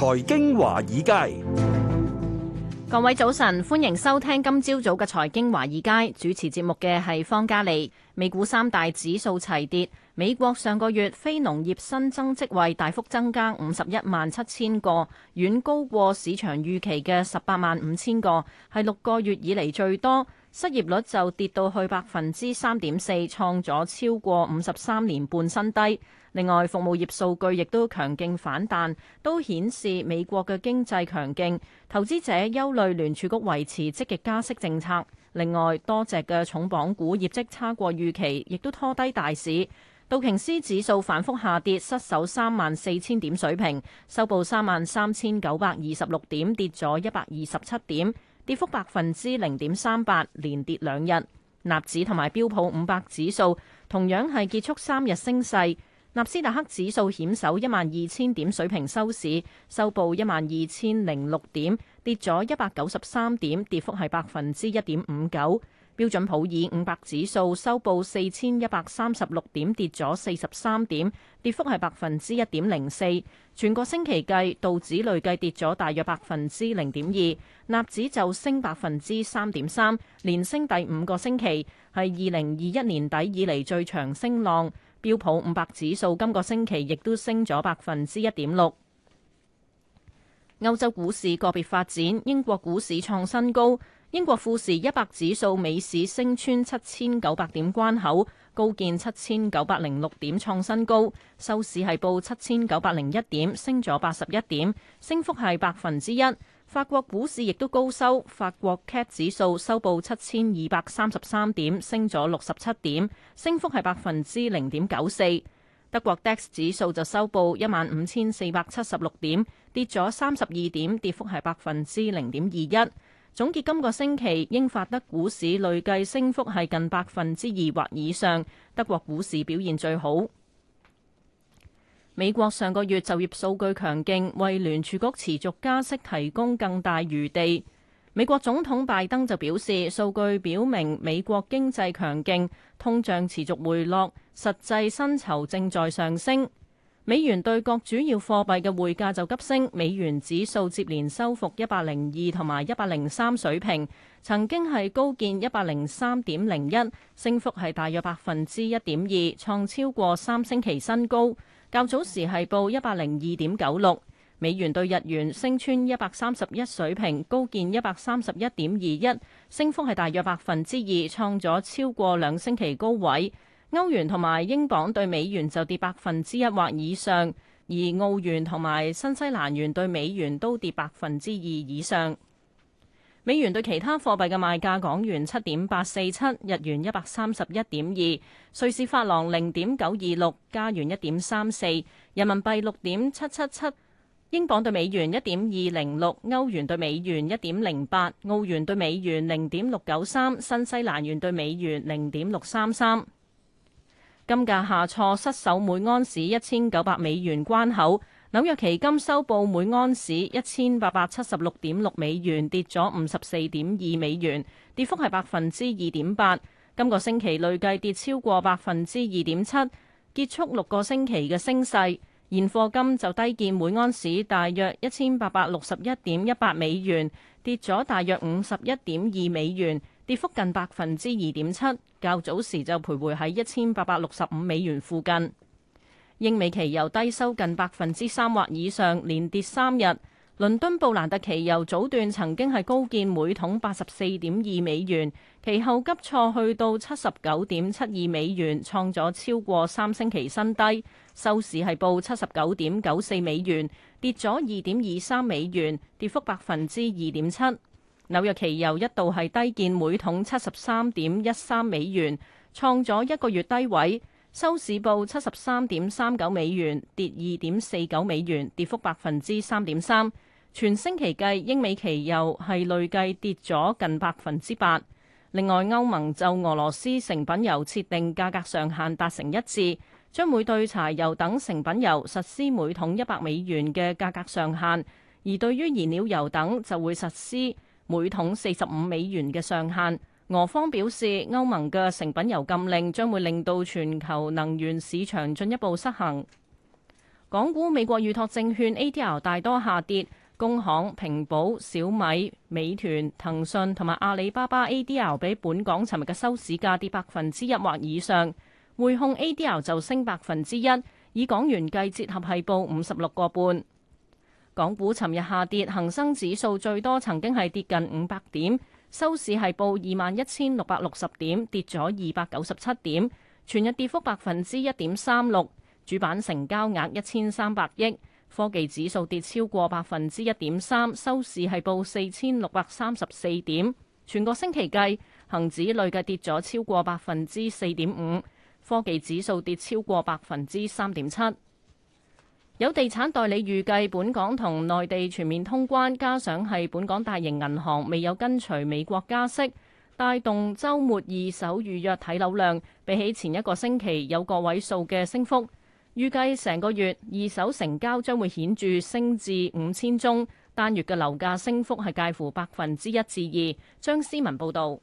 財經華爾街，各位早晨，歡迎收聽今朝早嘅財經華爾街。主持節目嘅係方嘉利，美股三大指數齊跌。美國上個月非農業新增職位大幅增加五十一萬七千個，遠高過市場預期嘅十八萬五千個，係六個月以嚟最多。失業率就跌到去百分之三點四，創咗超過五十三年半新低。另外，服務業數據亦都強勁反彈，都顯示美國嘅經濟強勁。投資者憂慮聯儲局維持積極加息政策。另外，多隻嘅重磅股業績差過預期，亦都拖低大市。道瓊斯指數反覆下跌，失守三萬四千點水平，收報三萬三千九百二十六點，跌咗一百二十七點。跌幅百分之零點三八，連跌兩日。納指同埋標普五百指數同樣係結束三日升勢。納斯達克指數險守一萬二千點水平收市，收報一萬二千零六點，跌咗一百九十三點，跌幅係百分之一點五九。標準普爾五百指數收報四千一百三十六點，跌咗四十三點，跌幅係百分之一點零四。全個星期計，道指累計跌咗大約百分之零點二，納指就升百分之三點三，連升第五個星期，係二零二一年底以嚟最長升浪。標普五百指數今個星期亦都升咗百分之一點六。歐洲股市個別發展，英國股市創新高。英國富時一百指數、美市升穿七千九百點關口，高見七千九百零六點創新高，收市係報七千九百零一點，升咗八十一點，升幅係百分之一。法國股市亦都高收，法國 CAC 指數收報七千二百三十三點，升咗六十七點，升幅係百分之零點九四。德國 DAX 指數就收報一萬五千四百七十六點，跌咗三十二點，跌幅係百分之零點二一。總結今個星期，英法德股市累計升幅係近百分之二或以上，德國股市表現最好。美國上個月就業數據強勁，為聯儲局持續加息提供更大餘地。美國總統拜登就表示，數據表明美國經濟強勁，通脹持續回落，實際薪酬正在上升。美元對各主要貨幣嘅匯價就急升，美元指數接連收復一百零二同埋一百零三水平，曾經係高見一百零三點零一，升幅係大約百分之一點二，創超過三星期新高。較早時係報一百零二點九六，美元對日元升穿一百三十一水平，高見一百三十一點二一，升幅係大約百分之二，創咗超過兩星期高位。歐元同埋英鎊對美元就跌百分之一或以上，而澳元同埋新西蘭元對美元都跌百分之二以上。美元對其他貨幣嘅賣價：港元七點八四七，日元一百三十一點二，瑞士法郎零點九二六，加元一點三四，人民幣六點七七七，英鎊對美元一點二零六，歐元對美元一點零八，澳元對美元零點六九三，新西蘭元對美元零點六三三。金價下挫，失守每安士一千九百美元關口。紐約期金收報每安士一千八百七十六點六美元，跌咗五十四點二美元，跌幅係百分之二點八。今個星期累計跌超過百分之二點七，結束六個星期嘅升勢。現貨金就低見每安士大約一千八百六十一點一八美元，跌咗大約五十一點二美元，跌幅近百分之二點七。較早時就徘徊喺一千八百六十五美元附近，英美期油低收近百分之三或以上，連跌三日。倫敦布蘭特期油早段曾經係高見每桶八十四點二美元，其後急挫去到七十九點七二美元，創咗超過三星期新低。收市係報七十九點九四美元，跌咗二點二三美元，跌幅百分之二點七。紐約期油一度係低見每桶七十三點一三美元，創咗一個月低位，收市報七十三點三九美元，跌二點四九美元，跌幅百分之三點三。全星期計，英美期油係累計跌咗近百分之八。另外，歐盟就俄羅斯成品油設定價格上限達成一致，將每對柴油等成品油實施每桶一百美元嘅價格上限，而對於燃料油等就會實施每桶四十五美元嘅上限。俄方表示，歐盟嘅成品油禁令將會令到全球能源市場進一步失衡。港股美國預託證券 ADR 大多下跌，工行、平保、小米、美團、騰訊同埋阿里巴巴 ADR 比本港尋日嘅收市價跌百分之一或以上。匯控 ADR 就升百分之一，以港元計，折合係報五十六個半。港股尋日下跌，恒生指數最多曾經係跌近五百點，收市係報二萬一千六百六十點，跌咗二百九十七點，全日跌幅百分之一點三六。主板成交額一千三百億，科技指數跌超過百分之一點三，收市係報四千六百三十四點。全個星期計，恒指累計跌咗超過百分之四點五，科技指數跌超過百分之三點七。有地產代理預計，本港同內地全面通關，加上係本港大型銀行未有跟隨美國加息，帶動周末二手預約睇樓量，比起前一個星期有個位數嘅升幅。預計成個月二手成交將會顯著升至五千宗，單月嘅樓價升幅係介乎百分之一至二。張思文報道。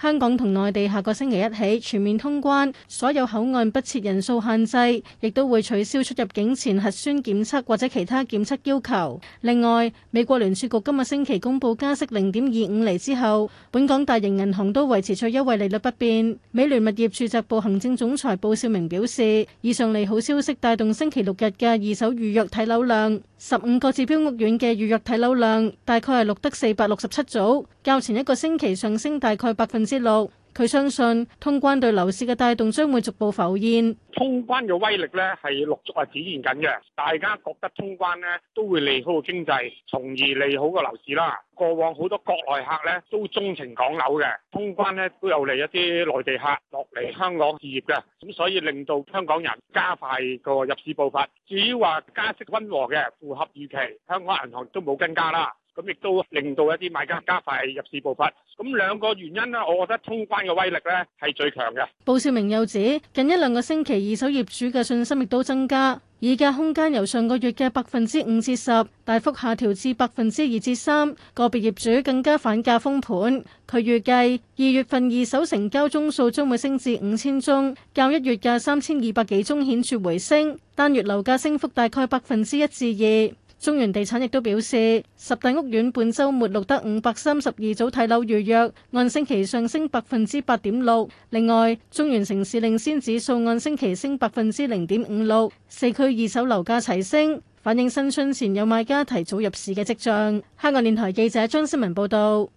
香港同內地下個星期一起全面通關，所有口岸不設人數限制，亦都會取消出入境前核酸檢測或者其他檢測要求。另外，美國聯儲局今個星期公布加息零點二五厘之後，本港大型銀行都維持最優惠利率不變。美聯物業住宅部行政總裁布少明表示，以上利好消息帶動星期六日嘅二手預約睇樓量，十五個指標屋苑嘅預約睇樓量大概係錄得四百六十七組，較前一個星期上升大概百分之路，佢相信通關對樓市嘅帶動將會逐步浮現。通關嘅威力咧，係陸續係展現緊嘅。大家覺得通關咧都會利好個經濟，從而利好個樓市啦。過往好多國內客咧都鍾情港樓嘅，通關咧都有嚟一啲內地客落嚟香港置業嘅，咁所以令到香港人加快個入市步伐。至於話加息溫和嘅，符合預期，香港銀行都冇跟加啦。咁亦都令到一啲買家加快入市步伐，咁兩個原因咧，我覺得通關嘅威力咧係最強嘅。布少明又指，近一兩個星期二手業主嘅信心亦都增加，議價空間由上個月嘅百分之五至十大幅下調至百分之二至三，個別業主更加反價封盤。佢預計二月份二手成交宗數將會升至五千宗，較一月嘅三千二百幾宗顯著回升，單月樓價升幅大概百分之一至二。中原地產亦都表示，十大屋苑本週末錄得五百三十二組睇樓預約，按星期上升百分之八點六。另外，中原城市領先指數按星期升百分之零點五六，四區二手樓價齊升，反映新春前有買家提早入市嘅跡象。香港電台記者張思文報道。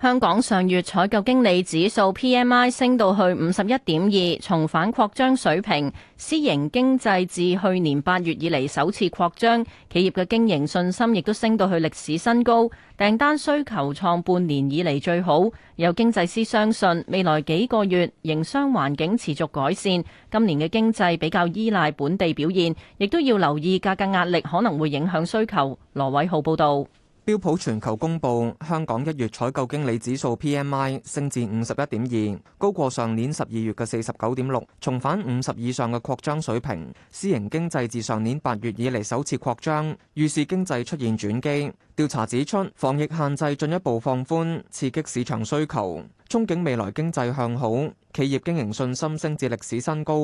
香港上月採購經理指數 PMI 升到去五十一點二，重返擴張水平。私營經濟自去年八月以嚟首次擴張，企業嘅經營信心亦都升到去歷史新高，訂單需求創半年以嚟最好。有經濟師相信，未來幾個月營商環境持續改善。今年嘅經濟比較依賴本地表現，亦都要留意價格壓力可能會影響需求。羅偉浩報導。標普全球公布香港一月採購經理指數 PMI 升至五十一點二，高過上年十二月嘅四十九點六，重返五十以上嘅擴張水平。私營經濟自上年八月以嚟首次擴張，預示經濟出現轉機。調查指出，防疫限制進一步放寬，刺激市場需求，憧憬未來經濟向好。企業經營信心升至歷史新高，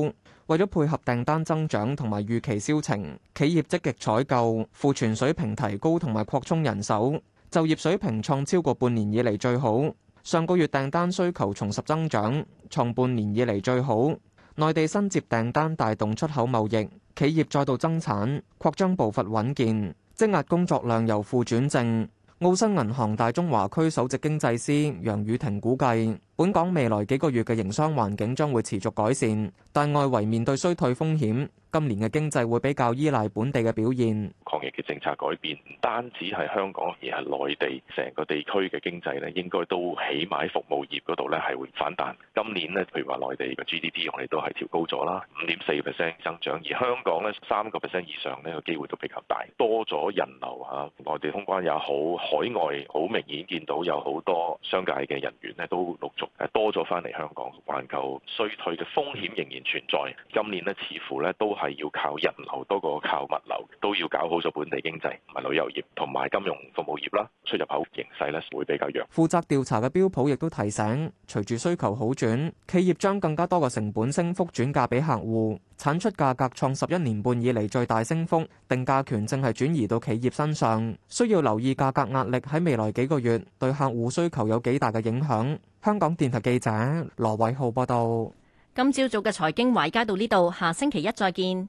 為咗配合訂單增長同埋預期銷情，企業積極採購、庫存水平提高同埋擴充人手，就業水平創超過半年以嚟最好。上個月訂單需求重拾增長，創半年以嚟最好。內地新接訂單帶動出口貿易，企業再度增產、擴張步伐穩健，積壓工作量由負轉正。澳新銀行大中華區首席經濟師楊雨婷估計。本港未來幾個月嘅營商環境將會持續改善，但外圍面對衰退風險，今年嘅經濟會比較依賴本地嘅表現。抗疫嘅政策改變唔單止係香港，而係內地成個地區嘅經濟呢，應該都起碼喺服務業嗰度呢係會反彈。今年呢，譬如話內地嘅 GDP 我哋都係調高咗啦，五點四 percent 增長，而香港呢三個 percent 以上呢個機會都比較大，多咗人流啊，內地通關也好，海外好明顯見到有好多商界嘅人員呢都陸續。多咗返嚟香港環球衰退嘅風險仍然存在。今年咧，似乎咧都係要靠人流多過靠物流，都要搞好咗本地經濟同埋旅遊業，同埋金融服務業啦。出入口形勢咧會比較弱。負責調查嘅標普亦都提醒，隨住需求好轉，企業將更加多嘅成本升幅轉嫁俾客戶，產出價格創十一年半以嚟最大升幅，定價權正係轉移到企業身上，需要留意價格壓力喺未來幾個月對客戶需求有幾大嘅影響。香港電台記者羅偉浩報道。今朝早嘅財經華爾街到呢度，下星期一再見。